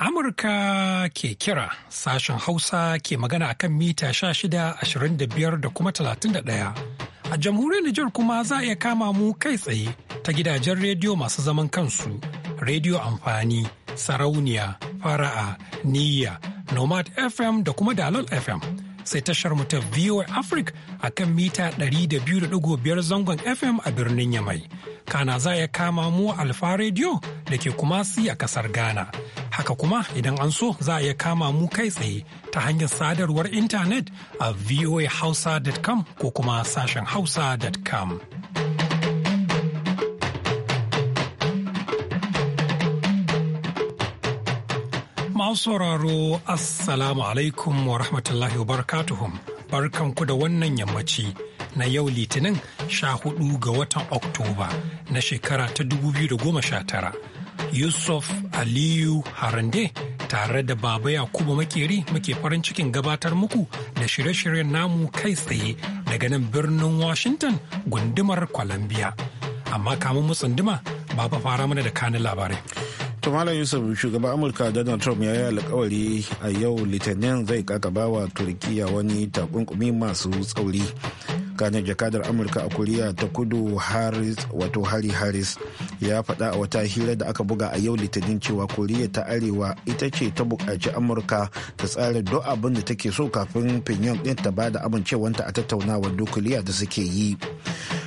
Amurka ke kira sashen Hausa ke magana a kan mita sha shida, 1625 da biyar, da kuma talatin da ɗaya. A jamhuriyar Nijar kuma za a iya kama mu kai tsaye ta gidajen rediyo masu zaman kansu, rediyo amfani, sarauniya, fara'a, niyya, nomad FM da kuma dalol FM. sai tashar mu ta VOA Africa a kan mita 200.5 zangon FM a birnin Yamai. Kana za ya kama mu Alfa Radio da ke kuma si a kasar Ghana. Haka kuma idan an so za a iya kama mu kai tsaye ta hanyar sadarwar intanet a voahausa.com ko kuma sashen hausa.com. Masu sauraro Assalamu alaikum wa rahmatullahi wa barakatuhum. Barkanku da wannan yammaci na yau Litinin sha hudu ga watan Oktoba na shekara ta 2019. Yusuf Aliyu Harande tare da Baba Yakubu Makeri muke farin cikin gabatar muku da shirye-shiryen namu kai tsaye daga nan birnin Washington gundumar Columbia. Amma kamun mu tsunduma, Baba fara mana da kanin labarai. to malam Yusuf shugaban Amurka Donald Trump ya yi alkawari a yau litinin zai kakaba wa Turkiya wani takunkumi masu tsauri kanin jakadar amurka a koriya ta kudu harris wato hari harris ya faɗa a wata hira da aka buga a yau litinin cewa koriya ta arewa ita ce ta bukaci amurka ta tsara duk abin da take so kafin pinyon ɗin ta bada amincewanta a tattaunawar dukuliya da suke yi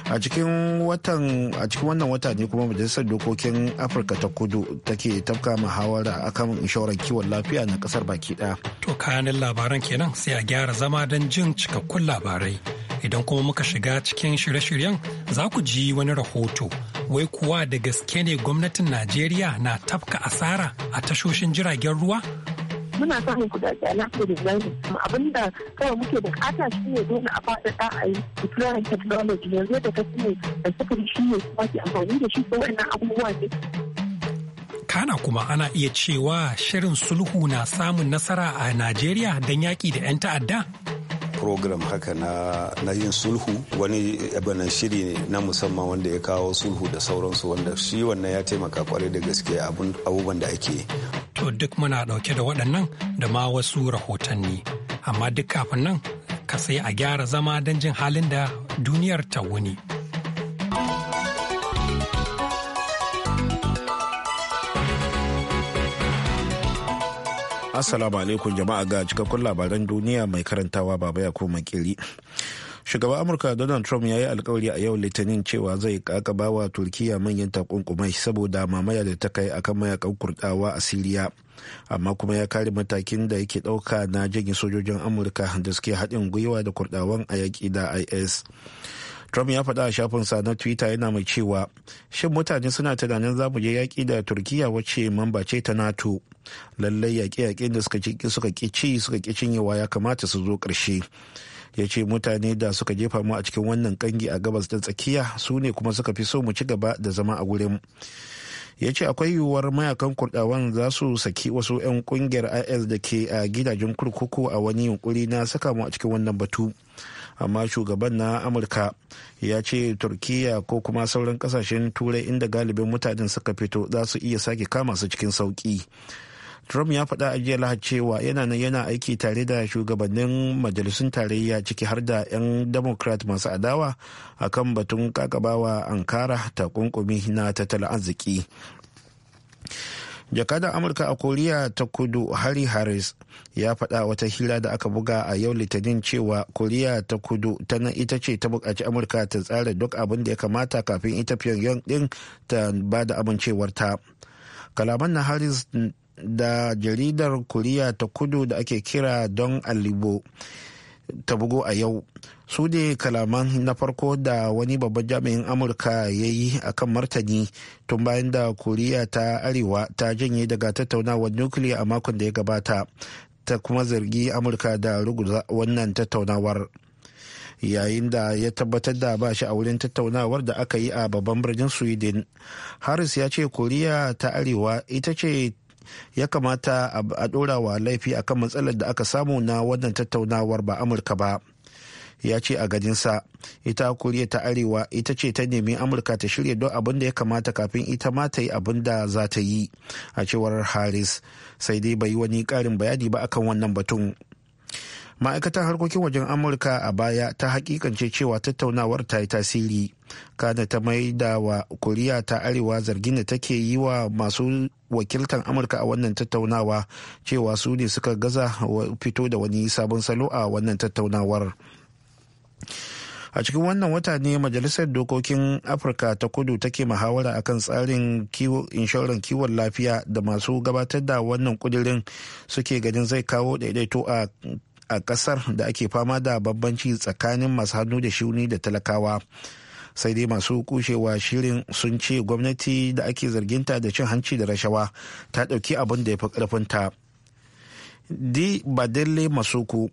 a cikin watan a cikin wannan wata ne kuma majalisar dokokin afirka ta kudu take tafka muhawara akan inshorar kiwon lafiya na kasar baki ɗaya to kayanin labaran kenan sai a gyara zama don jin cikakkun labarai Idan kuma muka shiga cikin shirye-shiryen za ku ji wani rahoto. Wai kuwa da gaske ne gwamnatin Najeriya na tafka asara a tashoshin jiragen ruwa? muna samun kudade alhamdulillah abin da kawai muke kata shi ne dole a faɗaɗa a yi deploying technology yanzu da ta ne da sufuri shi ne kuma ke amfani da shi ko wannan abubuwa ne. Kana kuma ana iya cewa shirin sulhu na samun nasara a Najeriya don yaƙi da 'yan ta'adda? program haka na, yin sulhu wani abinan shiri ne na musamman wanda ya kawo sulhu da sauransu wanda shi wannan ya taimaka kwarai da gaske abubuwan da ake to duk muna dauke da waɗannan da ma wasu rahotanni amma duk kafin nan ka sai a gyara zama don jin halin da duniyar ta wuni. Assalamu alaikum jama'a ga cikakkun labaran duniya mai karantawa baba ya koma kiri. Shugaban Amurka Donald Trump ya yi alkawari a yau Litinin cewa zai kakaba wa Turkiya manyan takunkumai saboda mamaya da ta kai akan mayakan kurdawa a Siriya. Amma kuma ya kare matakin da yake ɗauka na janye sojojin Amurka da suke haɗin gwiwa da kurdawan a yaƙi da IS. Trump ya faɗa a sa na Twitter yana mai cewa shin mutane suna tunanin za mu je yaƙi da Turkiyya wacce mamba ce ta NATO. Lallai yaƙe yaƙe da suka ƙi ci suka ƙi cinyewa ya kamata su zo ƙarshe. ya ce mutane da suka jefa mu a cikin wannan ƙangi a gabas da tsakiya su ne kuma suka fi so mu ci gaba da zama a gurin ya ce akwai yiwuwar mayakan kurɗawan za su saki wasu 'yan kungiyar is da ke a gidajen kurkuku a wani yunkuri na saka mu a cikin wannan batu amma shugaban na amurka ya ce turkiya ko kuma sauran kasashen turai inda galibin mutanen suka fito za su iya sake kama su cikin sauki trump ya faɗa a jiya lahar cewa yana nan yana aiki tare da shugabannin majalisun tarayya ciki har da 'yan democrat masu adawa akan batun kakabawa ankara ta takunkumi na tattalin arziki jakadan amurka a koriya ta kudu harry harris ya faɗa wata hira da aka buga a yau litinin cewa koriya ta kudu ta nan ita ce ta bukaci amurka ta tsara duk abin da ya kamata kafin ita pyongyang ɗin ta ba da amincewarta kalaman na harris da jaridar koriya ta kudu da ake kira don alibo ta bugo a yau su ne kalaman na farko da wani babban jami'in amurka ya yi a kan martani tun bayan da koriya ta arewa ta janye daga tattaunawar nukiliya a makon da ya gabata ta kuma zargi amurka da ruguza wannan tattaunawar yayin da ya tabbatar da ba shi a wurin tattaunawar da aka yi a babban birnin sweden harris ya ce koriya ta arewa ita ce ya kamata a ɗora wa laifi akan matsalar da aka samu na wannan tattaunawar ba amurka ba ya ce a sa ita koriya ta arewa ita ce ta nemi amurka ta shirya don abin da ya kamata kafin ita ma ta yi abin da za ta yi a cewar harris sai dai bai yi wani karin bayani ba akan wannan batun ma'aikatar harkokin wajen amurka a baya ta hakikance cewa tattaunawar ta yi tasiri kana ta mai da wa koriya ta arewa zargin da take yi wa masu wakiltan amurka a wannan tattaunawa cewa su ne suka gaza fito da wani sabon salo a wannan tattaunawar a cikin wannan wata ne majalisar dokokin afirka ta kudu take muhawara kan tsarin inshorar kiwon lafiya da masu gabatar da wannan kudirin suke ganin zai kawo daidaito a a kasar da ake fama da babbanci tsakanin masu hannu da shuni da talakawa sai dai masu kushewa shirin sun ce gwamnati da ake zarginta da cin hanci da rashawa ta ɗauki abin da ya fi ƙarfinta di badelle masuku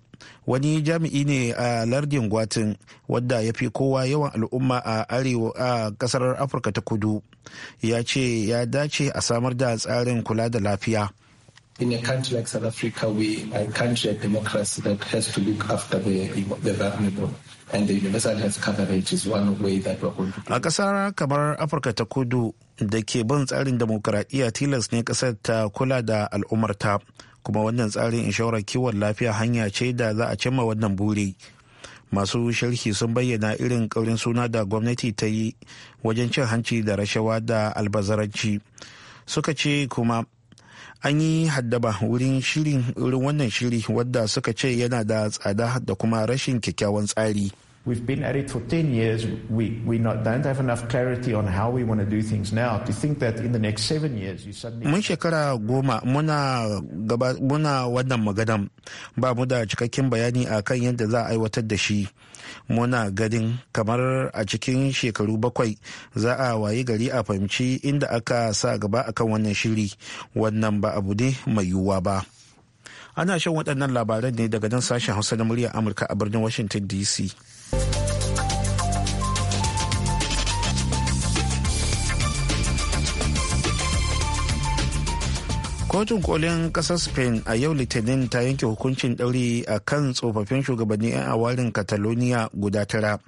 wani jami'i ne a lardin gwatin wadda ya fi kowa yawan al'umma a arewa a kasar afirka ta kudu ya ce ya dace a samar da tsarin kula da lafiya in a country like South Africa, we are a country of democracy that has to look after the, the vulnerable. And the universal health coverage is one way that we're going to do. A kasar kamar Afirka ta kudu da ke bin tsarin demokuraɗiyya tilas ne kasar ta kula da al'ummarta. ta. kuma wannan tsarin inshorar kiwon lafiya hanya ce da za a cimma wannan buri masu sharhi sun bayyana irin ƙaurin suna da gwamnati ta yi wajen cin hanci da rashawa da albazaranci suka ce kuma an yi haddaba wurin shirin wannan shiri wadda suka ce yana da tsada da kuma rashin kyakkyawan tsari. We've been at it for 10 years. We, we not, don't have enough clarity on how we want to do things now. To think that in the next seven years you suddenly... Mun shekara goma muna, gaba, muna wannan maganan ba mu da cikakken bayani a kan yadda za a aiwatar da shi. Muna ganin kamar a cikin shekaru bakwai za a wayi gari a fahimci inda aka sa gaba akan wannan shiri. Wannan ba abu ne mai yiwuwa ba. Ana shan waɗannan labaran ne daga nan sashen Hausa na muryar Amurka a birnin Washington DC. kotun kolin kasar spain a yau litinin ta yanke hukuncin ɗauri a kan tsofaffin shugabanni 'yan awarin catalonia guda tara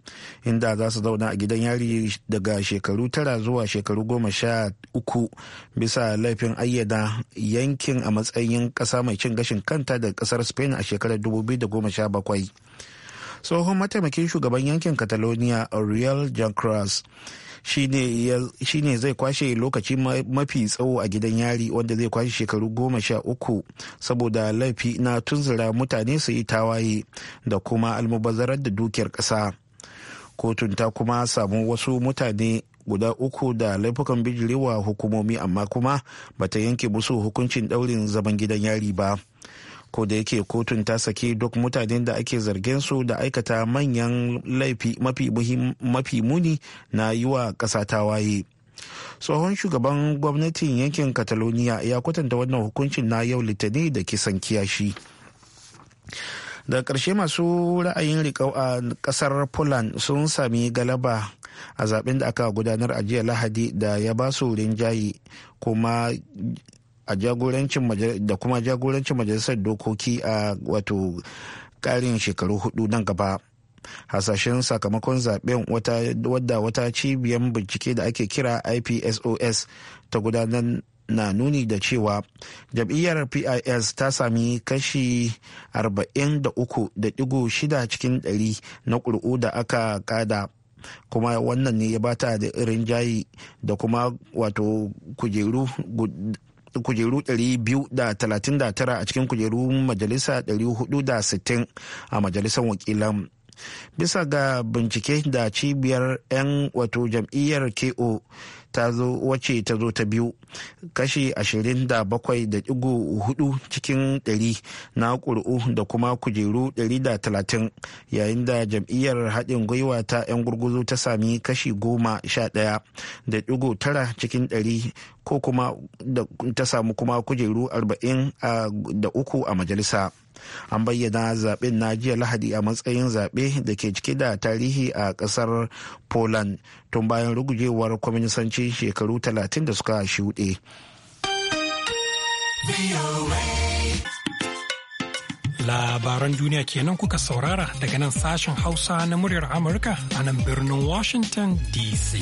inda za su zauna a gidan yari daga shekaru tara zuwa shekaru goma sha uku bisa laifin ayyana yankin a matsayin ƙasa mai cin gashin kanta da ƙasar spain a shekarar 2017 tsohon mataimakin shugaban yankin catalonia real jancras shi ne zai kwashe lokaci mafi tsawo a gidan yari wanda zai kwashe shekaru goma sha uku saboda laifi na tunzura mutane su yi tawaye da kuma almubazarar da dukiyar ƙasa kotun ta kuma samu wasu mutane guda uku da laifukan bijirewa hukumomi amma kuma bata yanke musu hukuncin daurin zaman gidan yari ba. ko da yake kotun ta sake duk mutanen da ake zargin su da aikata manyan laifi mafi muni na yiwa wa ƙasa tawaye tsohon shugaban gwamnatin yankin catalonia ya kwatanta wannan hukuncin na yau litani da kisan kiyashi daga ƙarshe masu ra'ayin riƙau a ƙasar poland sun sami galaba a zaben da aka gudanar a jiya lahadi da ya ba su rinjaye kuma a jagorancin da kuma jagorancin majalisar dokoki a wato karin shekaru hudu nan gaba hasashen sakamakon zaben wadda wata cibiyar bincike da ake kira ipsos ta gudanar na nuni da cewa jam'iyyar pis ta sami kashi 43.6 cikin 100 na ƙuri'u da aka kada kuma wannan ne ya bata da irin jayi da kuma wato kujeru kujeru 239 a cikin kujeru majalisa 460 a majalisar wakilan bisa ga bincike da cibiyar 'yan wato jam'iyyar ko ta zo wace ta zo ta biyu kashi 27.4 cikin 100 na kuri'u da kuma kujeru talatin? yayin da jam'iyyar haɗin gwiwa ta 'yan gurguzu ta sami kashi goma 11.9 cikin 100 ko kuma ta samu kuma kujeru arba'in da uku a majalisa. an bayyana zaben na jiya lahadi a matsayin zaɓe da ke cike da tarihi a ƙasar poland tun bayan rugujewar kwaminisanci shekaru 30 da suka shuɗe labaran duniya kenan kuka saurara daga nan sashen hausa na muryar amurka a nan birnin washington dc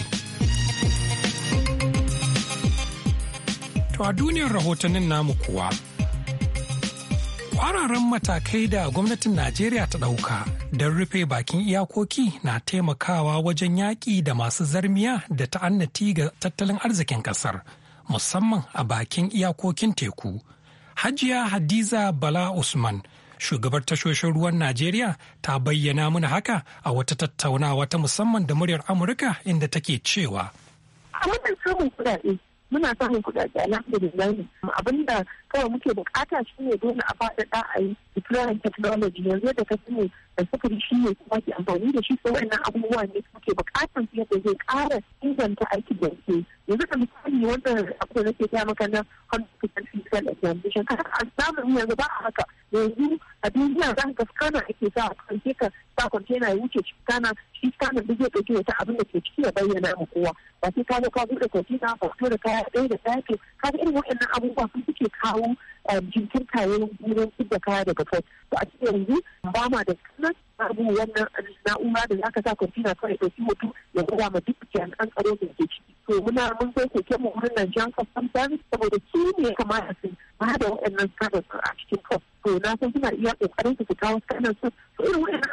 to a duniyar rahotannin namu kuwa kwararan matakai da gwamnatin najeriya ta ɗauka don rufe bakin iyakoki na taimakawa wajen yaƙi da masu zarmiya da ta'annati ga tattalin arzikin ƙasar musamman a bakin iyakokin teku hajiya hadiza bala usman shugabar tashoshin ruwan Najeriya ta bayyana mana haka a wata tattaunawa ta musamman da muryar Amurka inda take cewa. muna samun kuɗaɗe abin abinda kawai muke bukata shine dole a faɗaɗa a yi deploying technology yanzu da ka sani da yi shi ne kuma ke amfani da shi sai wannan abubuwa ne suke bukatar su yadda zai kara inganta aiki da ke yanzu da misali wanda akwai nake ta maka na 100% physical examination kan a samun yanzu ba a haka yanzu a duniya za ka scanner ake sa a kan ka sa kwantena ya wuce scanner shi scanner duk zai ɗauke wata abin da ke ciki ya bayyana ma kowa ba sai ka zo ka buɗe kwantena ba da kaya ɗaya da ɗaya ke ka irin waɗannan abubuwa sun suke kawo jinkir kayan wurin fidda kaya daga port to a cikin yanzu ba ma da sunan abu wannan na'ura da zaka sa kwantina kawai ɗauki hoto ya gwada ma duk jami'an tsaro da ke ciki to muna mun kai keke mu wurin nan jan service saboda su ne kamata su ba da waɗannan service a cikin port to na san suna iya ƙoƙarin su kawo su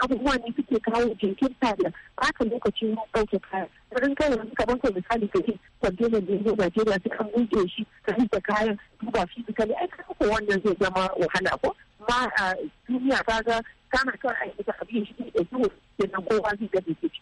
abubuwa ne suke kawo jinkirta da ɓata lokaci mun ɗauke kaya wurin kai wani kaman ko misali ka ce kwantenan da yanzu Najeriya su an buɗe shi ka da kayan duba fizikali ai kan ko wannan zai zama wahala ko ma a duniya ta ga kana kan aikata abin shi ne da zuwa kenan kowa zai ga bai ciki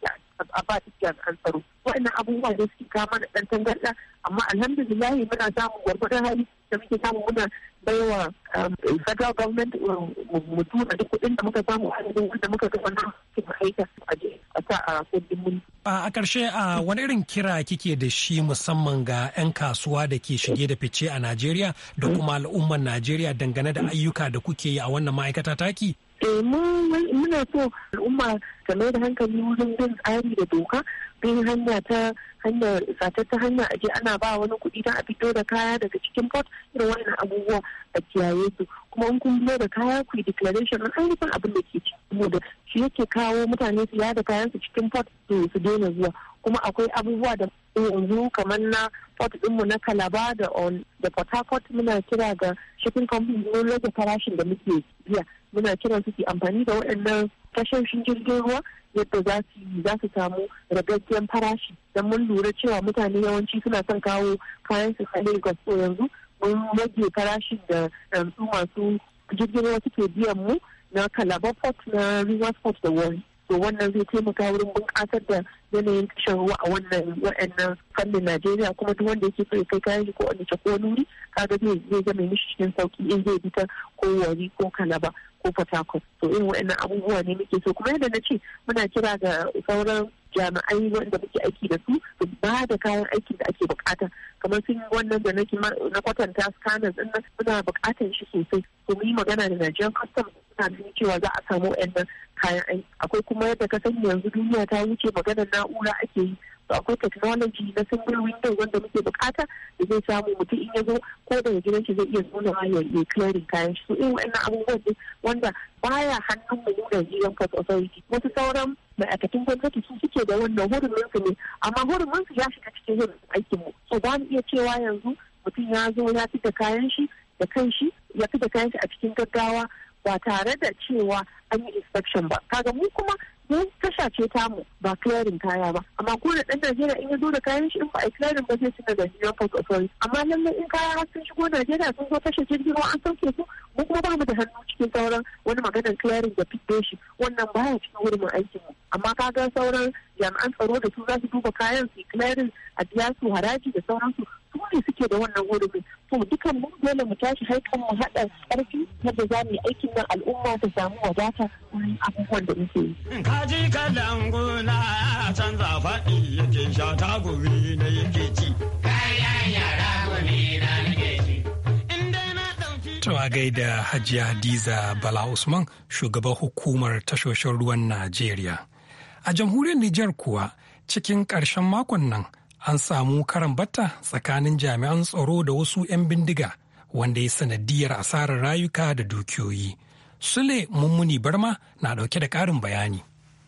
a ba jami'an tsaro wa'annan abubuwa ne suke kama da ɗan tangarɗa amma alhamdulillahi muna samun gwargwadon hali da muke samu muna baiwa um, federal government um, mu tura duk kuɗin da muka samu cikin wanda muka ga wannan cikin aika a je a sa a kudin mun. A ƙarshe a wani irin kira kike da shi musamman ga 'yan kasuwa da ke shige da fice a Najeriya da kuma al'ummar Najeriya dangane da ayyuka da kuke yi a wannan ma'aikata taki? Eh, muna so al'umma ta mai da hankali wurin bin tsari da doka bin hanya ta hanya ta hanya aje ana ba wani kuɗi don a fito da kaya daga cikin port irin wannan abubuwa a kiyaye su kuma in kun biyo da kaya ku yi declaration na ainihin abin da ke cikin da shi yake kawo mutane su yada kayan su cikin port su daina zuwa kuma akwai abubuwa da yanzu kamar na port ɗinmu na kalaba da da port harcourt muna kira ga shipping company ne rage farashin da muke biya muna kiran su amfani da waɗannan tashoshin jirgin ruwa yadda za su za su samu ragaggen farashi don mun lura cewa mutane yawanci suna son kawo kayan su a Lagos ko yanzu mun rage farashin da yanzu um, masu jirgin ruwa suke biyan mu na kalaba Port na Rivers Port da wani to wannan zai taimaka wurin bunƙasar da yanayin tashar ruwa a wannan wa'annan fannin najeriya kuma duk wanda yake so ya kai kayan shi ko wani ko wani kaga zai zai zama mishi cikin sauki in zai bi ta ko wari ko kalaba ko fatakon to irin wa'annan abubuwa ne muke so kuma yadda na ce muna kira ga sauran jami'ai wanda muke aiki da su su ba da kayan aikin da ake bukata kamar sun wannan da na kwatanta scanners din nan muna bukatan shi sosai mu yi magana da Nigerian customs suna cewa za a samu wa'annan kayan aiki akwai kuma yadda ka sani yanzu duniya ta wuce magana na'ura ake yi akwai technology na single window wanda muke bukata da zai samu mutum in ya zo ko daga gidan shi zai iya zauna ma ya yi clearing kayan shi so in wa'annan abubuwan ne wanda baya hannun mu nuna jiran port authority wasu sauran ma'aikatan gwamnati su suke da wannan hurumin su ne amma hurumin su ya shiga cikin yin aikin mu so ba mu iya cewa yanzu mutum ya zo ya fi kayan shi da kan shi ya fi kayan shi a cikin gaggawa ba tare da cewa an yi inspection ba kaga mu kuma mu tasha ce mu ba clearing kaya ba amma ko da dan Najeriya in ya zo da kayan shi in ba a clearing ba zai da da Nigerian Port Authority amma lallai in kaya har sun shigo Najeriya sun zo tashar jirgin ruwa an sauke su mu kuma ba mu da hannu cikin sauran wani maganar clearing da fiddo shi wannan baya cikin hurumin aikin mu amma ka ga sauran jami'an tsaro da su za su duba kayan su clearing a biya su haraji da sauransu su ne suke da wannan hurumin to dukan mun dole mu tashi haikan mu haɗa ƙarfi yadda za mu yi aikin nan al'umma ta samu wadata wurin abubuwan da muke yi. kaji kalan gona canza faɗi yake sha ta gobe na yake ci. kayan yara gobe na ke ci. Tawa gaida Hajiya Hadiza Bala Usman, shugaban hukumar tashoshin ruwan Najeriya. A jamhuriyar Nijar kuwa cikin ƙarshen makon nan an samu karan batta tsakanin jami'an tsaro da wasu 'yan bindiga wanda ya sanadiyar asarar rayuka da dukiyoyi. Sule Mummuni Barma na ɗauke da ƙarin bayani.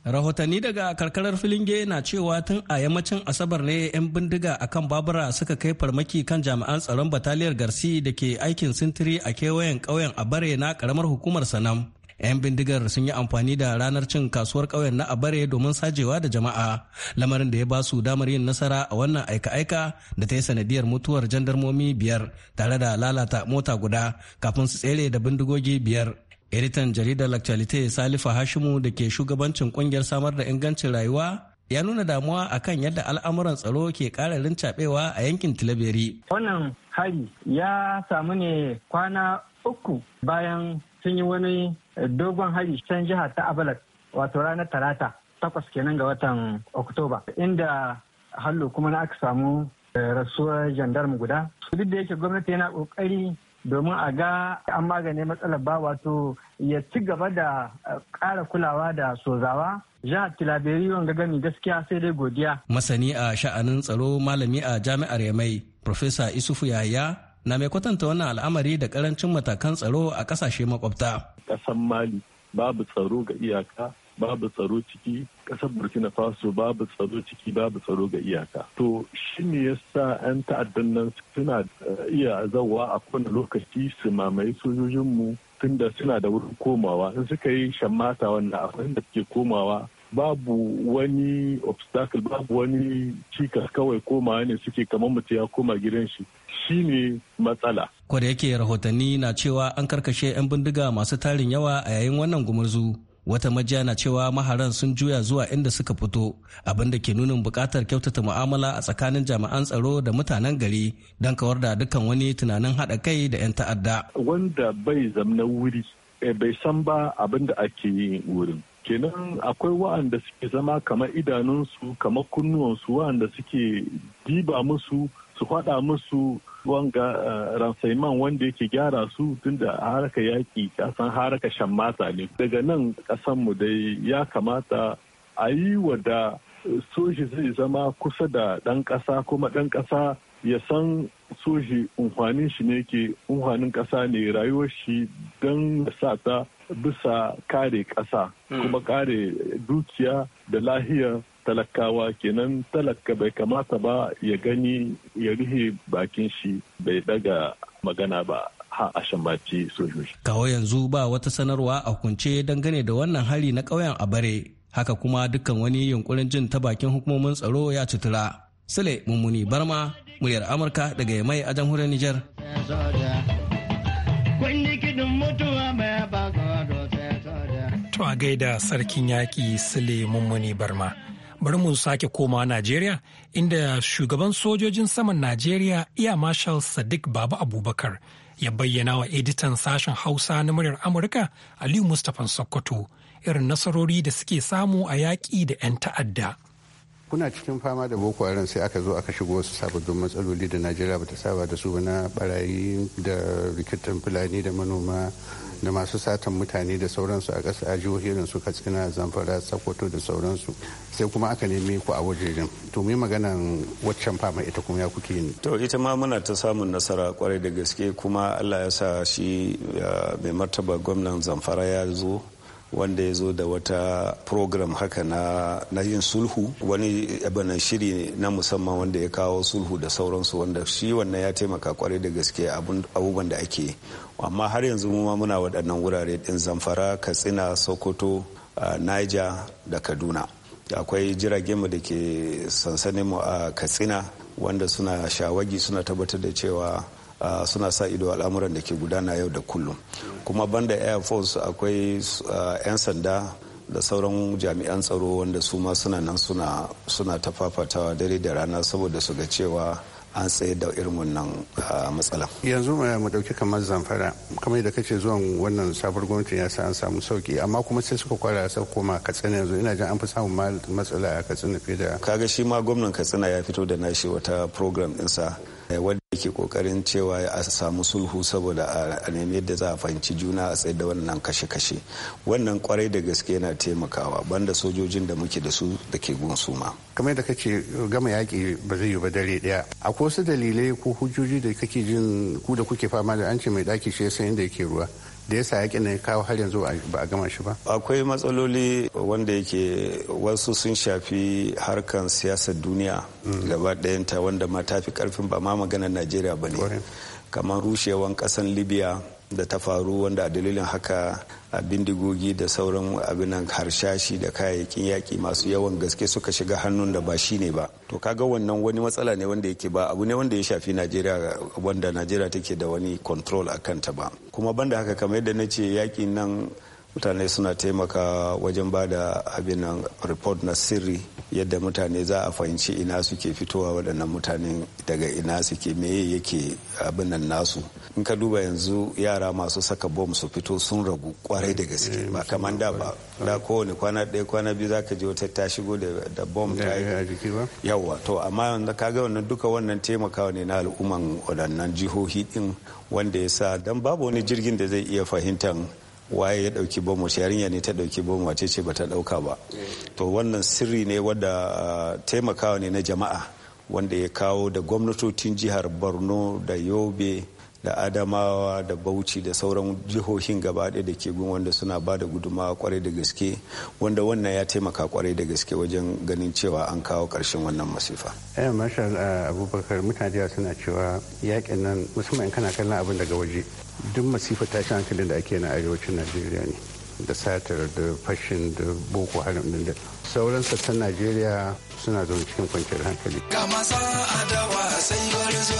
rahotanni daga karkarar filinge na cewa tun a yammacin asabar ne 'yan bindiga akan babura suka kai farmaki kan jami'an tsaron bataliyar garsi da ke aikin sintiri a kewayen ƙauyen abare na karamar hukumar sanam 'yan bindigar sun yi amfani da ranar cin kasuwar ƙauyen na abare domin sajewa da jama'a lamarin da ya ba su damar yin nasara a wannan aika-aika da ta yi sanadiyar mutuwar jandarmomi biyar tare da lalata mota guda kafin su tsere da bindigogi biyar editan jaridar lactalite salifa hashimu da ke shugabancin kungiyar samar da ingancin rayuwa ya nuna damuwa akan yadda al'amuran tsaro ke ƙara rincaɓewa a yankin tilaberi wannan hari ya samu ne kwana uku bayan sun yi wani dogon hari can jihar ta abalat wato ranar talata takwas kenan ga watan oktoba inda hallo kuma na aka samu eh, rasuwar jandarmu guda duk da yake gwamnati yana kokari domin a ga an magane matsalar ba wato ya ci gaba da eh, ƙara kulawa da sozawa jihar tilaberiyon ga gami gaskiya sai dai godiya masani a sha'anin tsaro malami a jami'ar yamai profesa isufu yaya na mai kwatanta wannan al'amari da karancin matakan tsaro a kasashe makwabta ƙasan mali babu tsaro ga iyaka babu tsaro ciki kasar burkina faso babu tsaro ciki babu tsaro ga iyaka to shi ne ya sa 'yan ta'addan nan suna eh, iya zawa a kowane lokaci su mamaye sojojinmu tunda suna da wurin komawa in suka yi shammata wannan akwai da suke komawa babu wani obstacle babu wani cikas kawai komawa ne suke kamar mutu ya koma gidan shi shi ne matsala. Kwada yake rahotanni na cewa an karkashe 'yan bindiga masu tarin yawa a yayin wannan gumurzu. Wata majiya na cewa maharan sun juya zuwa inda suka fito, abin da ke nunin buƙatar kyautata mu'amala a tsakanin jami'an tsaro da mutanen gari don kawar da dukkan wani tunanin haɗa kai da 'yan ta'adda. Wanda bai zamna wuri, eh, bai san ba abin da ake yi wurin. kenan akwai wa'anda suke zama kamar idanunsu kamar kunnuwansu wa'anda suke diba musu su faɗa musu wanga eh, ransaiman wanda yake gyara su tunda da haraka yaƙi kasan haraka shan mata ne daga nan mu dai ya kamata a yi wada soji zai zama kusa da ɗan ƙasa kuma ɗan ƙasa ya san soji unhwanin shi ne ke unhwanin ƙasa ne rayuwar shi don sa ta bisa kare ƙasa hmm. kuma kare dukiya da lahiyar talakawa kenan talaka bai kamata ba ya gani ya rufe bakin shi bai daga magana ba ha a shambaci sojoji. Kawo yanzu ba wata sanarwa a kunce dangane da wannan hari na ƙauyen a bare Haka kuma dukkan wani yunkurin jin ta bakin hukumomin tsaro ya cutura. Sule Mummuni Barma, muryar Amurka daga Yamai a jamhuriyar Nijar. To a gaida sarkin yaƙi Sule Mummuni Barma. bari mu sake komawa Najeriya inda shugaban sojojin saman Najeriya iya Marshal Sadiq Baba Abubakar ya bayyana wa editan sashen Hausa na muryar Amurka Aliyu Mustapha Sokoto irin nasarori da suke samu a yaƙi da 'yan ta'adda. kuna cikin fama da boko haram sai aka zo aka shigo wasu sababbin matsaloli da najeriya bata saba da su na barayi da rikitan fulani da manoma da masu satan mutane da sauransu a ƙasa a jihohin su katsina zamfara sokoto da sauransu sai kuma aka neme ku a wajejen to mu maganan waccan fama ita kuma ya kuke ni to ita ma muna ta samun nasara kwarai da gaske kuma allah ya sa shi eh, mai martaba gwamnan zamfara ya zo wanda ya zo da wata program haka na, yin sulhu wani abin shiri na musamman wanda ya kawo sulhu da sauransu wanda shi wannan ya taimaka kwarai da gaske abubuwan da ake amma har yanzu mu ma muna waɗannan wurare ɗin zamfara katsina sokoto niger da kaduna akwai mu da ke sansanin mu a katsina wanda suna shawagi suna tabbatar da cewa Uh, suna sa ido al'amuran da ke gudana yau da kullum kuma banda air force akwai 'yan sanda da sauran jami'an tsaro wanda su ma suna nan suna suna ta fafatawa dare da rana saboda su ga cewa an tsaye da irin wannan uh, yanzu mu dauki kamar zamfara kamar da kace zuwan wannan sabar gwamnati ya sa an samu sauki amma kuma sai suka kwara sa koma katsina yanzu ina jin an fi samun matsala a katsina fiye da kaga shi ma gwamnan katsina ya fito da nashi wata program sa Eh, wanda yake kokarin cewa a samu sulhu saboda a nemi yadda za a fahimci juna a tsaye da wannan kashe-kashe wannan kwarai da gaske yana taimakawa banda sojojin da muke da su da ke gun ma kamar da kake gama yaƙi ba zai yi ba dare daya. akwai wasu dalilai ko hujjoji da kake jin ku da kuke fama da an ce mai ɗaki shi sai inda yake ruwa da yasa yakin ne kawo har yanzu ba a gama shi ba akwai matsaloli wanda yake wasu sun shafi harkan siyasar duniya mm. gaba ɗayanta wanda ma tafi karfin ba ma maganar najeriya ba ne kamar rushewan ƙasan libya da ta faru wanda a dalilin haka a bindigogi da sauran abinan harshashi da kayayyakin yaƙi masu yawan gaske suka shiga hannun da ba shi ne ba to kaga wannan wani matsala ne wanda yake ba abu ne wanda ya shafi najeriya wanda najeriya take da wani control a kanta ba kuma banda haka kamar yadda na ce yaƙin nan mutane suna taimaka wajen ba da abin nan report na sirri yadda mutane za a fahimci ina suke fitowa waɗannan mutane daga ina suke meye yake abin nan nasu in ka duba yanzu yara masu saka bom su fito sun ragu kwarai da gaske ba kamar da ba da kowane kwana ɗaya kwana biyu za ka je wata ta shigo da bom ta yi eh, yawa to amma yanzu ka ga wannan duka wannan taimakawa ne na al'umman waɗannan jihohi ɗin wanda ya sa don babu wani jirgin da zai iya fahimtar waye ya dauki bomo yarinya ne ta dauki bomo wace ce bata dauka ba to wannan sirri ne wadda ah, taimakawa ne na jama'a wanda ya kawo da gwamnatocin jihar borno da yobe da adamawa da bauchi da sauran jihohin gaba ɗaya da ke gun wanda suna ba da guduma kwarai da gaske wanda wannan ya taimaka kwarai da gaske wajen ganin cewa an kawo karshen wannan masifa. eh mashal ah, abubakar mutane suna cewa yakin nan musamman kana kallon abin daga waje duk masifa tashin hankalin da ake na arewacin najeriya ne da satar da fashin da boko haram din da sauran sassan najeriya suna zaune cikin kwanciyar hankali kama sa adawa sai bari zo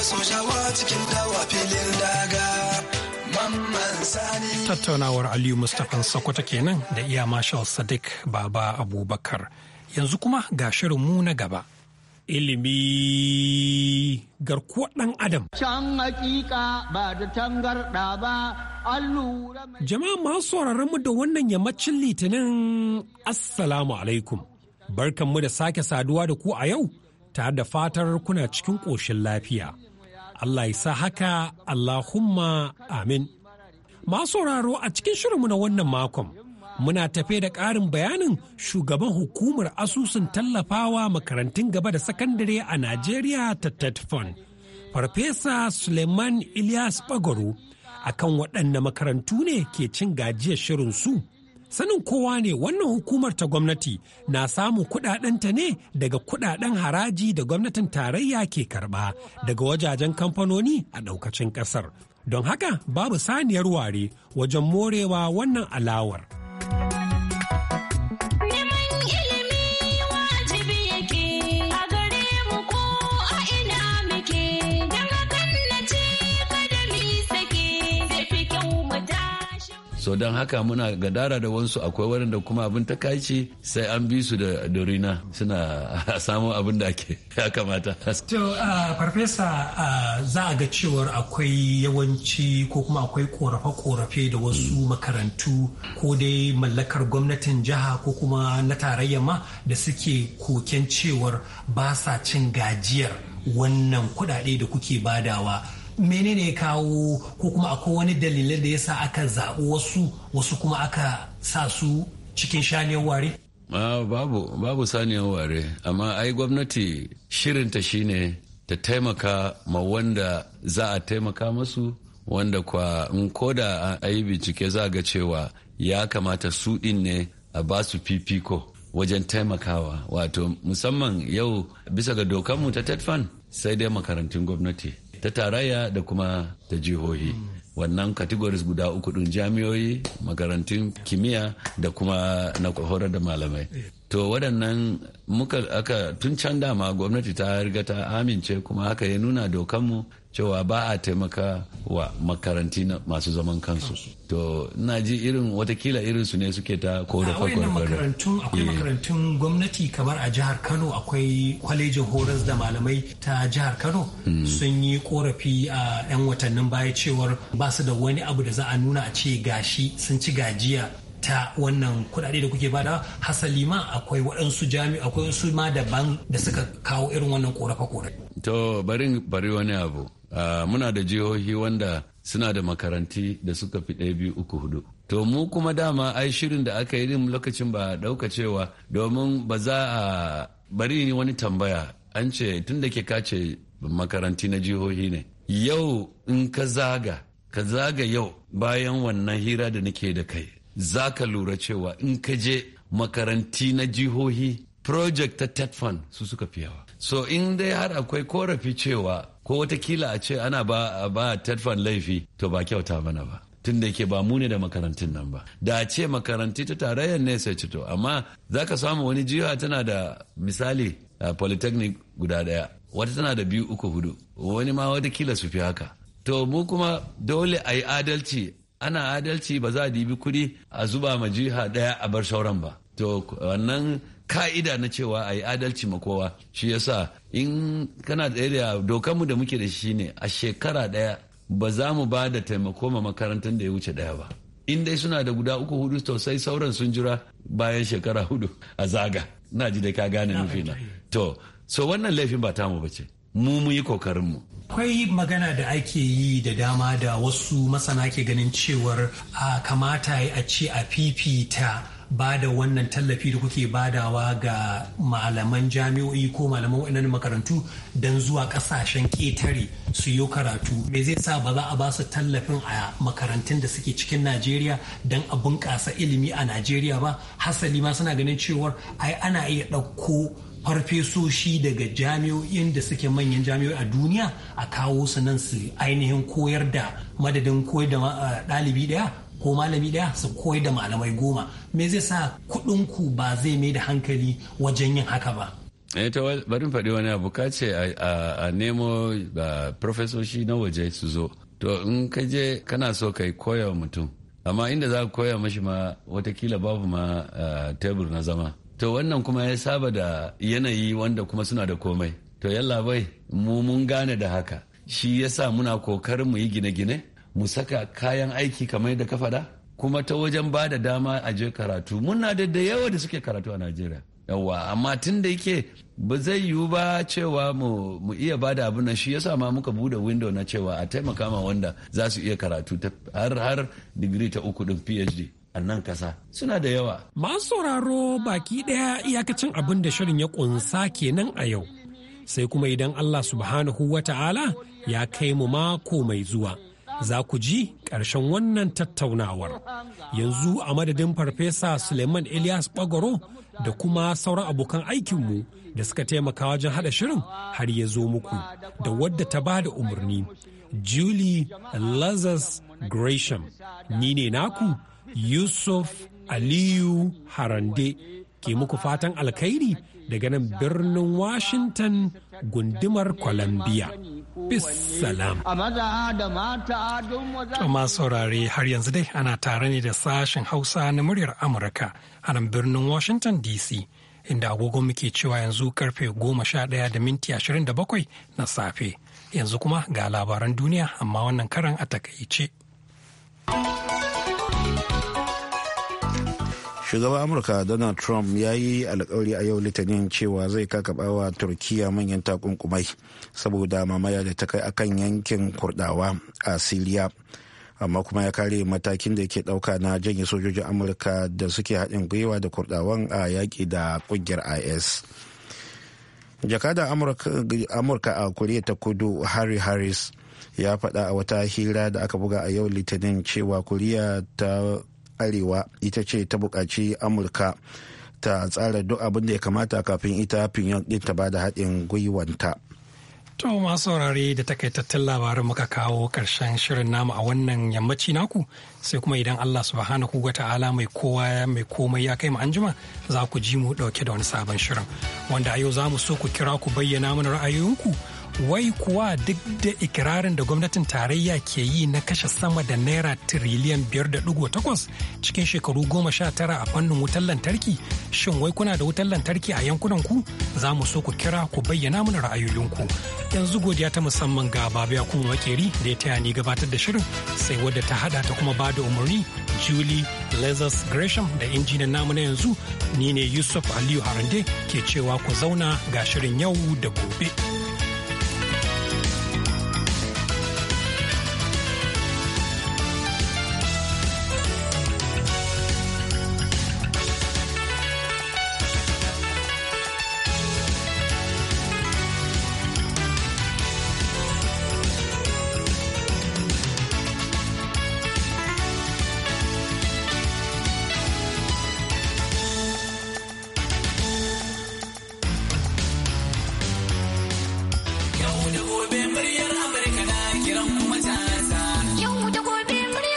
cikin dawa filin daga tattaunawar aliyu mustapha sokoto kenan da iya marshal sadiq baba abubakar yanzu kuma ga shirinmu na gaba ilimi garkuwar ɗan adam. Can hakika ba da tangarɗa ba, an lura mai... Jama'a masu mu da wannan yammacin litinin Assalamu alaikum. barkan mu da sake saduwa da ku a yau, tare da fatar kuna cikin ƙoshin lafiya. Allah ya sa haka, Allahumma amin. Masu sauraro a cikin shirinmu na wannan makon. muna tafe da ƙarin bayanin shugaban hukumar asusun tallafawa makarantun gaba da sakandare a Najeriya ta TETFON, Farfesa Suleiman Ilyas Bagoro, akan waɗanne makarantu ne ke cin gajiyar shirin su. Sanin kowa ne wannan hukumar ta gwamnati na samun kudadenta ne daga kudaden haraji da gwamnatin tarayya ke karba daga wajajen kamfanoni a ɗaukacin ƙasar. Don haka babu saniyar ware wajen morewa wannan alawar. so don haka muna gadara da wansu akwai waɗanda kuma abin ta kaici sai an bi su da dorina suna samun abin da ake ya kamata to uh, farfesa uh, za a ga cewar akwai yawanci ko kuma akwai korafe-korafe da wasu mm. makarantu ko dai mallakar gwamnatin jiha ko kuma na tarayya ma da suke koken cewar ba sa cin gajiyar wannan kuɗaɗe da kuke badawa menene ya kawo ko kuma akwai wani dalilai da yasa aka zaɓi wasu wasu kuma aka sa su cikin shaniyar ware? babu babu saniyar ware amma ai gwamnati shirinta shine ta taimaka ma wanda za a taimaka masu wanda kwa in koda a yi bincike za ga cewa ya kamata su din ne a ba su fifiko wajen taimakawa wato musamman yau bisa ga dokanmu ta tetfan sai dai makarantun gwamnati ta tarayya da kuma ta jihohi wannan categories guda uku din jami'oyi makarantun kimiyya da kuma na horar da malamai to waɗannan muka aka tun can dama gwamnati ta riga ta amince kuma haka ya nuna dokanmu cewa ba a taimaka wa makaranti masu zaman kansu to ina ji irin watakila irin su ne suke ta korafa makarantun akwai eh. makarantun gwamnati kamar a jihar kano akwai kwalejin horas da malamai ta jihar kano hmm. sun yi korafi a yan watannin baya cewar ba su da wani abu da za a nuna a ce gashi sun ci gajiya ta wannan kuɗaɗe da kuke bada hasali ma akwai waɗansu jami akwai wasu ma daban da suka kawo irin wannan korafa to bari bari wani abu muna da jihohi wanda suna da makaranti da suka fi ɗaya biyu uku hudu to mu kuma dama ai shirin da aka yi din lokacin ba ɗauka cewa domin ba za a bari wani tambaya an ce tun da ke kace makaranti na jihohi ne yau in ka zaga ka zaga yau bayan wannan hira da nake da kai za ka lura cewa in ka je makaranti na jihohi project ta tetfan su suka fi yawa so in dai har akwai korafi cewa ko watakila a ce ana ba ba tetfan laifi to ba kyauta mana ba tun da yake ba mu ne da makarantun nan ba da a ce makaranti ta tarayyar ne sai cito amma za ka samu wani jiha tana da misali a polytechnic guda daya wata tana da biyu uku hudu wani ma watakila su fi haka to mu kuma dole a yi adalci ana adalci ba za a dibi kuɗi a zuba ma jiha ɗaya a bar sauran ba to wannan ka'ida na cewa a yi adalci ma kowa shi yasa in kana da area dokanmu da muke da shi ne a shekara ɗaya ba za mu ba da taimako ma makarantar da ya wuce ɗaya ba in dai suna da guda uku hudu to sai sauran sun jira bayan shekara hudu a zaga na ji da ka gane nufina to so wannan laifin ba tamu ba ce mu mu yi kokarinmu Akwai magana da ake yi da dama da wasu masana ke ganin cewar a kamata a ce a fifita ba da wannan tallafi da kuke badawa ga malaman jami'o'i ko malaman waɗannan makarantu don zuwa ƙasashen ƙetare su yi karatu me zai sa ba za a ba su tallafin a makarantun da suke cikin najeriya don a bunƙasa ilimi a najeriya ba hasali ma suna ganin cewar ai ana iya ɗauko farfesoshi daga jami'o'in da suke manyan jami'o'i a duniya a kawo su nan su ainihin koyar da madadin koyar da ɗalibi daya ko malami daya su koyar da malamai goma me zai sa ku ba zai mai da hankali wajen yin haka ba eh, ta barin faɗi wani abu ka ce a nemo farfesoshi na waje su zo to in ka je kana so ka yi koya mutum amma inda za ka koya mashi ma watakila babu ma tebur na zama to wannan kuma ya saba da yanayi wanda kuma suna da komai to yalla bai mu mun gane da haka shi yasa muna kokar mu yi gine-gine mu saka kayan aiki kamar da kafada kuma ta wajen ba da dama a je karatu muna da da yawa da suke karatu a najeriya yawa amma tun da yake ba zai yiwu ba cewa mu, iya ba da abin nan shi yasa ma muka bude window na cewa a taimaka ma wanda za su iya karatu har har digiri ta uku din phd a nan kasa suna da yawa. Masu sauraro baki ɗaya iyakacin abin da shirin ya ƙunsa kenan a yau. Sai kuma idan Allah subhanahu wa ta'ala ya kai mu mako mai zuwa. Za ku ji ƙarshen wannan tattaunawar. Yanzu a madadin Farfesa Suleiman Elias Bagoro da kuma sauran abokan aikinmu da suka taimaka wajen haɗa shirin har ya zo muku da wadda ta ba da umarni. Julie Lazarus Gresham, ni ne naku Yusuf Aliyu Harande ke muku fatan alkhairi daga nan birnin Washington gundumar Columbia. Bissalam. Amma saurare har yanzu dai ana tare ne da sashen Hausa na muryar Amurka a nan birnin Washington DC. Inda agogon muke cewa yanzu karfe goma sha ɗaya da minti ashirin da bakwai na safe. Yanzu kuma ga labaran duniya amma wannan karan a takaice. shugaban amurka donald trump ya yi alkawari a yau litinin cewa zai kakabawa wa turkiya manyan takunkumai saboda mamaya da ta kai akan yankin kurdawa a siriya amma kuma ya kare matakin da ke dauka na janye sojojin amurka da suke haɗin gwiwa da kurdawan a yaƙi da ƙungiyar is jakada amurka a kuriya ta kudu harry harris ya faɗa a wata hira da aka buga a yau litinin cewa kuriya ta arewa ita ce ta bukaci amurka ta tsara duk abin da ya kamata kafin ita pinyon ɗin ta bada haɗin gwiwanta. To masu saurare da takaitattun labarin muka kawo ƙarshen shirin namu a wannan yammaci naku sai kuma idan Allah subhanahu wa ta'ala mai kowa mai komai ya kai mu anjima za ku ji mu dauke da wani sabon shirin wanda a yau za mu so ku kira ku bayyana mana ra'ayoyinku wai kuwa duk da ikirarin da gwamnatin tarayya ke yi na kashe sama da naira tiriliyan 5.8 cikin shekaru 19 a fannin wutar lantarki shin wai kuna da wutar lantarki a yankunan ku za mu so ku kira ku bayyana mana ra'ayoyinku yanzu godiya ta musamman ga babu kuma makeri da ya taya ni gabatar da shirin sai wadda ta hada ta kuma bada umarni julie lazarus gresham da injinan namu na yanzu ni ne yusuf aliyu harande ke cewa ku zauna ga shirin yau da gobe.